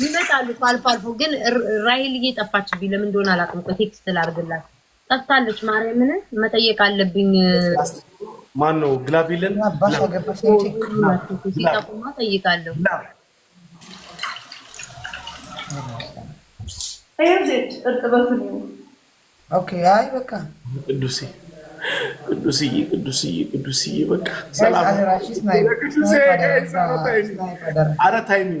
ይመጣሉ አልፎ አልፎ። ግን ራይል ቢ ለምን እንደሆነ አላውቅም። ቴክስት ላድርግላት። ጠፍታለች። ማርያምን መጠየቅ አለብኝ። ማን ነው ግላቪልን ሲጠፉማ ጠይቃለሁ። አይ በቃ ቅዱሴ ቅዱስዬ ቅዱስዬ ቅዱስዬ በቃ ሰላም። አረ ታይሚንግ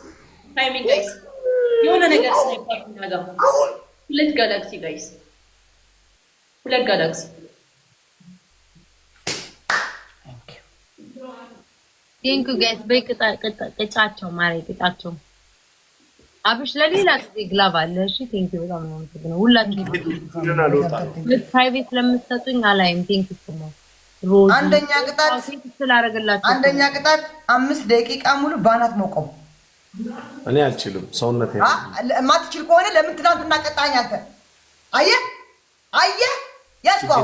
ታይሚንግ ጋይስ የሆነ ነገር ስናይፓር እናገር ሁለት ጋላክሲ ጋይስ ሁለት ጋላክሲ ቴንኩ ጋይስ በይ ቅጫቸው ማሪ ቅጫቸው አብሽ ለሌላ ጊዜ ግላብ አለ እሺ ቴንኪ በጣም ነው የምትገነው ሁላችሁም ፕራይቬት ስለምትሰጡኝ አላይም ቴንኪ ስሙ አንደኛ ቅጣት አንደኛ ቅጣት አምስት ደቂቃ ሙሉ ባናት መቆም እኔ አልችልም። ሰውነት የማትችል ከሆነ ለምን ትናንት እናቀጣኝ? አንተ አየህ አየህ ያስባው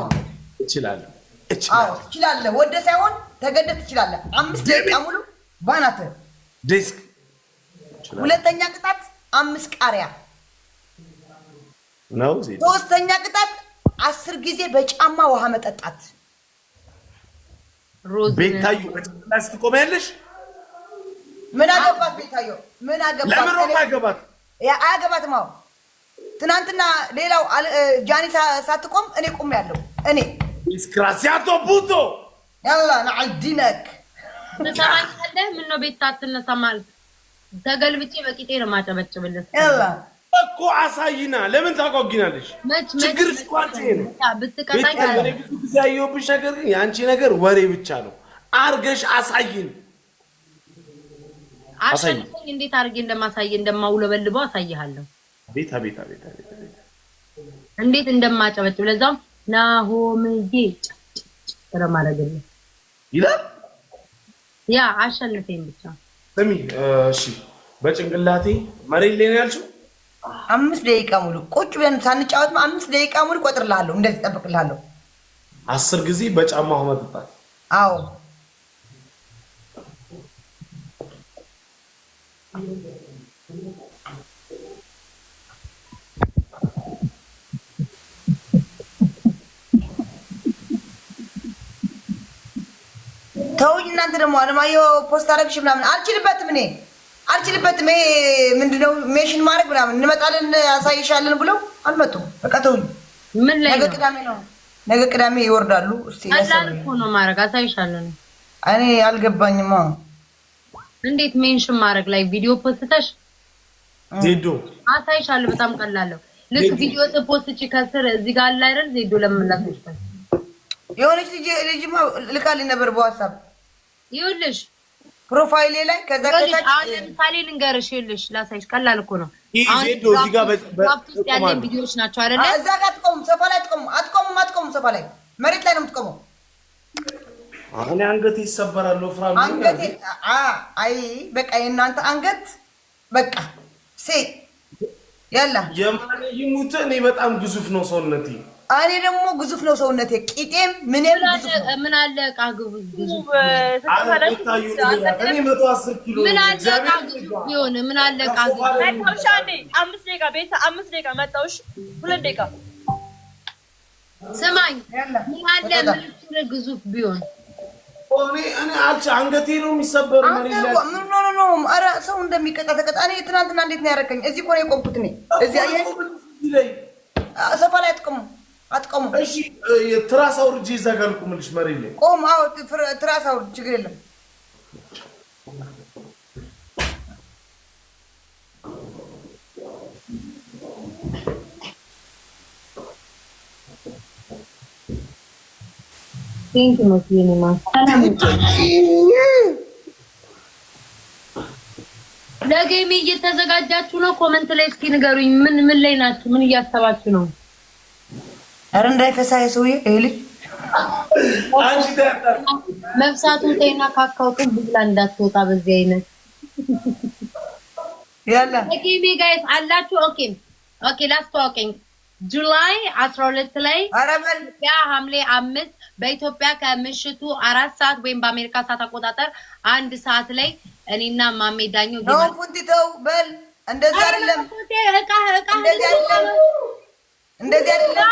እችላለሁ እችላለሁ። ወደ ሳይሆን ተገደህ ትችላለ። አምስት ደቂቃ ሙሉ ባናተ ዲስክ። ሁለተኛ ቅጣት አምስት ቃሪያ ነው። ሶስተኛ ቅጣት አስር ጊዜ በጫማ ውሃ መጠጣት። ቤታዩ በጫማ ስትቆመ ያለሽ ምን አገባት ቤታዮ? ምን አገባት? ለምን አገባት? አያገባትም። አዎ ትናንትና ሌላው ጃኒ ሳትቆም እኔ ቁም ያለው እኔ ስክራሲያቶ ቡቶ ያላ ናዓልዲነክ ትሰማኛለህ። ምነው ቤታ አትነሳም አልክ? ተገልብጬ በቂጤ ነው የማጨበጭብልህ እኮ አሳይና። ለምን ታቆጊናለሽ? ችግር ብትቀጣኝ ብዙ ጊዜ ያየሁብሽ ነገር ግን የአንቺ ነገር ወሬ ብቻ ነው። አርገሽ አሳይን አሳየኝ። እንዴት አድርጌ እንደማሳየ እንደማውለበልበው አሳይሃለሁ። አቤት አቤት አቤት አቤት አቤት እንዴት እንደማጨበጭብ ለዛውም ናሆምዬ ማድረግ ይላል። ያ አሸንፌን ብቻ ስሚ እሺ። በጭንቅላቴ መሬት ላይ ነው ያልሽው። አምስት ደቂቃ ሙሉ ቁጭ ብለን ሳንጫወት አምስት ደቂቃ ሙሉ ቆጥርላለሁ። እንደዚህ ጠብቅላለሁ። አስር ጊዜ በጫማ ሆመ አዎ ተውኝ እናንተ ደግሞ አለማየሁ ፖስት አረግሽ ምናምን አልችልበትም፣ እኔ አልችልበትም። ይሄ ምንድነው ሜሽን ማድረግ ምናምን እንመጣለን ያሳይሻለን ብለው አልመጡም። በቃ ተውኝ። ምን ላይ ነገ ቅዳሜ ነው፣ ነገ ቅዳሜ ይወርዳሉ። እስቲ ነው ማድረግ አሳይሻለን። እኔ አልገባኝም። እንዴት ሜንሽን ማድረግ ላይ ቪዲዮ ፖስተሽ ዜዶ አሳይሻለሁ። በጣም ቀላለሁ። ልክ ቪዲዮ ፖስትች ከስር እዚህ ጋር አለ አይደል? ዜዶ ለምንላሰች የሆነች ልጅ ልጅማ ልካልኝ ነበር በዋትሳፕ ይኸውልሽ ፕሮፋይሌ ላይ ከዛ አሁን ለምሳሌ ልንገርሽ፣ ይኸውልሽ ላሳይሽ። ቀላል እኮ ነው። ዜዶ እዚህ ጋር ውስጥ ያለን ቪዲዮዎች ናቸው አይደለ? እዛ ጋር አትቆሙም፣ ሶፋ ላይ አትቆሙም፣ አትቆሙም፣ አትቆሙም። ሶፋ ላይ መሬት ላይ ነው የምትቆመው። አሁን አንገት ይሰበራል። ወፍራም አንገት አይ በቃ የእናንተ አንገት በቃ ሴ ያላ የማን ይሙት። እኔ በጣም ግዙፍ ነው ሰውነቴ። እኔ ደግሞ ግዙፍ ነው ሰውነቴ። ቂጤም ምንም ምን አለ ዕቃ ግዙፍ እኔ ኪሎ ምን አለ ግዙፍ ቢሆን ምን አለ ግዙፍ አምስት ደቂቃ አምስት ደቂቃ መጣውሽ። ሁለት ደቂቃ ምን አለ ምን ግዙፍ ቢሆን አንገቴ ነው የሚሰበረው። ሰው እንደሚቀጣ ተቀጣ። እኔ ትናንትና እንዴት ነው ያደረገኝ? እዚህ እኮ ነው የቆምኩት። እኔ ሰፋ ላይ አጥቀሙ አጥቀሙ። ትራስ አውርጄ እዛ ጋር ልቁምልሽ። መሬት ላይ ቆም። ትራስ አውርጄ ችግር የለም no ነው ሲኒማ ለጌሜ እየተዘጋጃችሁ ነው? ኮመንት ላይ እስኪ ንገሩኝ። ምን ምን ላይ ናችሁ? ምን እያሰባችሁ ነው? አረ እንዳይፈሳ የሰውዬ ይሄ ልጅ መብሳቱን ተይና ካካውቱን ብላ እንዳትወጣ በዚህ አይነት ያላ ለጌሜ ጋይስ አላችሁ። ኦኬ ኦኬ ላስታወቀኝ ጁላይ አስራ ሁለት ላይ ያ ሐምሌ አምስት በኢትዮጵያ ከምሽቱ አራት ሰዓት ወይም በአሜሪካ ሰዓት አቆጣጠር አንድ ሰዓት ላይ እኔና ማሜ ዳኘው ፉንቲተው በል እንደዚህ አይደለም፣ እንደዚህ አይደለም።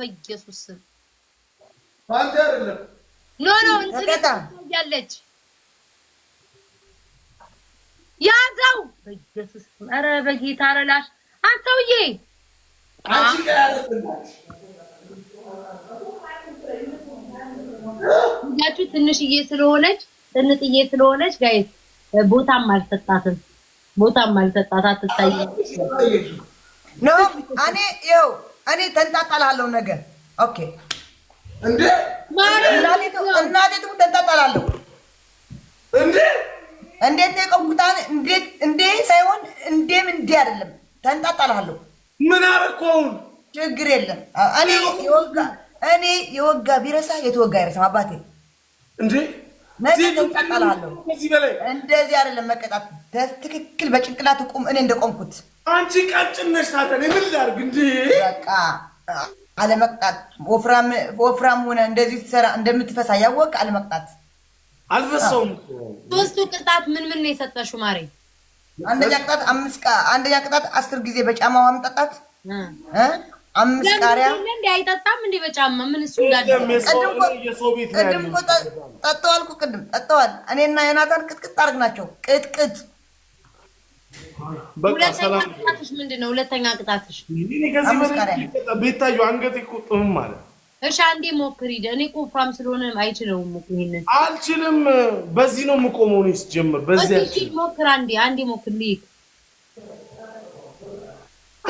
በኢየሱስ ስም ያዘው በኢየሱስ ኧረ በጌታ ረላሽ አንተውዬ ያችሁ ትንሽዬ ስለሆነች ጥንጥዬ ስለሆነች ጋይስ ቦታም አልሰጣትም፣ ቦታም አልሰጣት አትታይ ኖ እኔ ይኸው እኔ ተንጣጣላለሁ ነገር ኦኬ። እንዴ እናቴቱ ተንጣጣላለሁ እንዴ እንዴት ነው የቆምኩታን? እንዴት እንዴ ሳይሆን እንዴም እንዴ አይደለም፣ ተንጣጣላለሁ። ምን አረኮውን ችግር የለም። እኔ የወጋ እኔ የወጋ ቢረሳ የተወጋ አይረሳም አባቴ እንዴ እንደዚህ አይደለም መቀጣት። በትክክል በጭንቅላት ቁም። እኔ እንደቆምኩት አንቺ ቀጭን ነሽ። ታዲያ ምን ላድርግ? እንደ በቃ አለመቅጣት። ወፍራም ሆነ እንደዚህ ትሰራ እንደምትፈሳ ያወቅ አለመቅጣት። አልፈሳውም። ሶስቱ ቅጣት ምን ምን ነው የሰጠሽው ማሬ? አንደኛ ቅጣት አምስት አንደኛ ቅጣት አስር ጊዜ በጫማ ውሃ መጠጣት አምስት ቃሪያ አይጠጣም እንደ በጫማ ምን እሱ ቅድም እኮ ቅድም እኔና ዮናታን ቅጥቅጥ አድርግ ቅጥቅጥ። ሁለተኛ ቅጣትሽ ምንድን ነው? ሁለተኛ ቅጣትሽ እሺ፣ አንዴ ሞክሪ። እኔ ቆፍራም ስለሆነ አይችለውም እኮ ይሄንን አልችልም። በዚህ ነው የምቆመው እኔ ስጀምር። በዚህ ሞክር አንዴ፣ አንዴ ሞክር።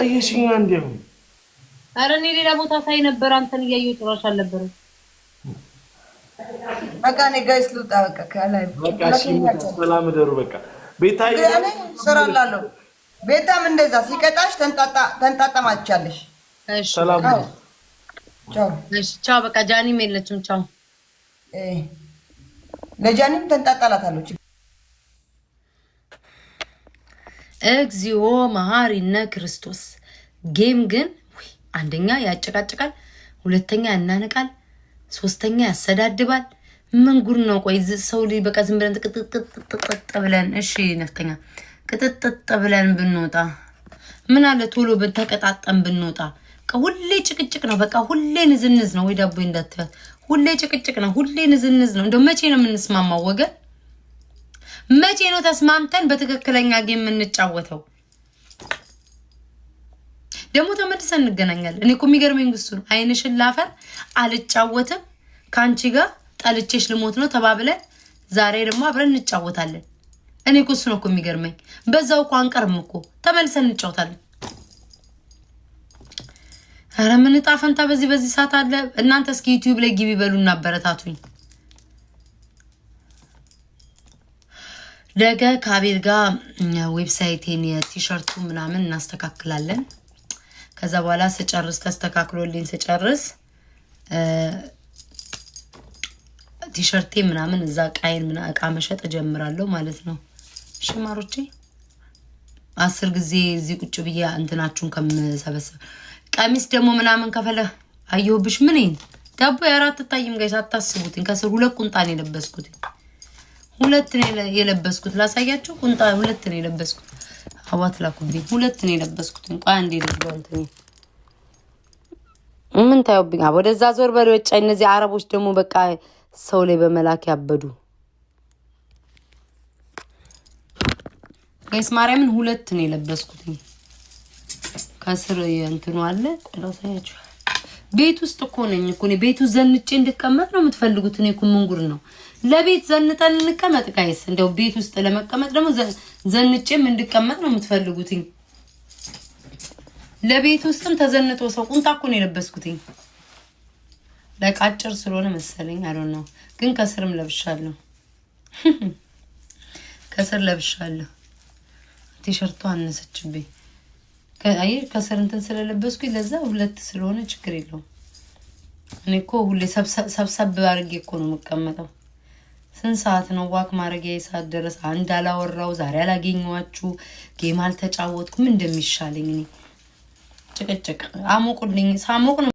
አየሽኝ አንዴ አሁን አረ እኔ ሌላ ቦታ ሳይ ነበር አንተን እያየሁ ጭራሽ አልነበረም። በቃ እኔ ጋይስ ልውጣ። በቃ ከላይ በቃ እሺ፣ ሰላም ደሩ በቃ ቤታ ቤታዬ ስራ እላለሁ። ቤታም እንደዛ ሲቀጣሽ ተንጣጣ ተንጣጣማቻለሽ። እሺ ሰላም ቻው። እሺ ቻው። በቃ ጃኒም የለችም። ቻው። እ ለጃኒም ተንጣጣላታለች። እግዚኦ መሐሪነ ክርስቶስ ጌም ግን አንደኛ ያጨቃጭቃል፣ ሁለተኛ ያናንቃል፣ ሶስተኛ ያሰዳድባል። ምን ጉድ ነው? ቆይ ሰው ልጅ በቃ ዝም ብለን ቅጥጥጥ ብለን እሺ፣ ነፍተኛ ቅጥጥጥ ብለን ብንወጣ ምን አለ? ቶሎ ተቀጣጠን ብንወጣ። ሁሌ ጭቅጭቅ ነው። በቃ ሁሌ ንዝንዝ ነው። ወይ ዳቦ እንዳትያት። ሁሌ ጭቅጭቅ ነው። ሁሌ ንዝንዝ ነው። እንደ መቼ ነው የምንስማማው? ወገን መቼ ነው ተስማምተን በትክክለኛ ጌም የምንጫወተው? ደግሞ ተመልሰን እንገናኛለን። እኔ እኮ የሚገርመኝ ግሱ ነው። አይንሽን ላፈር አልጫወትም ከአንቺ ጋር ጠልቼሽ ልሞት ነው ተባብለን ዛሬ ደግሞ አብረን እንጫወታለን። እኔ እኮ እሱ ነው እኮ የሚገርመኝ። በዛው እኮ አንቀርም እኮ ተመልሰን እንጫወታለን። ኧረ ምን ዕጣ ፈንታ በዚህ በዚህ ሰዓት አለ። እናንተ እስኪ ዩቲዩብ ላይ ግቢ በሉ እናበረታቱኝ። ነገ ከአቤል ጋር ዌብሳይቴን የቲሸርቱ ምናምን እናስተካክላለን። ከዛ በኋላ ስጨርስ ተስተካክሎልኝ ስጨርስ ቲሸርቴ ምናምን እዛ ቃይን ምና እቃ መሸጥ እጀምራለሁ ማለት ነው። ሽማሮቼ አስር ጊዜ እዚህ ቁጭ ብዬ እንትናችሁን ከምሰበሰብ ቀሚስ ደግሞ ምናምን ከፈለ አየሁብሽ ምን ዳቦ የአራት ታይም ጋይ ሳታስቡትኝ ከስር ሁለት ቁንጣን የለበስኩት ሁለት የለበስኩት ላሳያቸው። ቁንጣ ሁለት ነው የለበስኩት። አባት ላኩብኝ። ሁለት ነው የለበስኩት። እንኳን አንዴ ልጅ ምን ታዩብኝ? ወደዛ ዞር በል ወጫ። እነዚህ አረቦች ደግሞ በቃ ሰው ላይ በመላክ ያበዱ ጋይስ። ማርያምን ሁለት ነው የለበስኩት። ከስር እንትኑ አለ ቆዳው ቤት ውስጥ እኮ ነኝ እኮ ቤቱ ዘንጬ እንድቀመጥ ነው የምትፈልጉት። እኔ እኮ ምንጉር ነው ለቤት ዘንጠን እንቀመጥ ጋይስ። እንደው ቤት ውስጥ ለመቀመጥ ደግሞ ዘንጬም እንድቀመጥ ነው የምትፈልጉትኝ። ለቤት ውስጥም ተዘንጦ ሰው ቁምጣ እኮ ነው የለበስኩትኝ። አጭር ስለሆነ መሰለኝ ዶንት ነው፣ ግን ከስርም ለብሻለሁ፣ ከስር ለብሻለሁ። ቲሸርቱ አነሰችብኝ። አይ ከስር እንትን ስለለበስኩኝ ለዛ ሁለት ስለሆነ ችግር የለውም። እኔ እኮ ሁሌ ሰብሰብ አድርጌ እኮ ነው የምቀመጠው። ስንት ሰዓት ነው ዋክ ማድረጊያ የሰዓት ድረስ አንድ አላወራው ዛሬ አላገኘኋችሁ ጌም አልተጫወትኩም እንደሚሻለኝ እኔ ጭቅጭቅ አሞቁልኝ ሳሞቅ ነው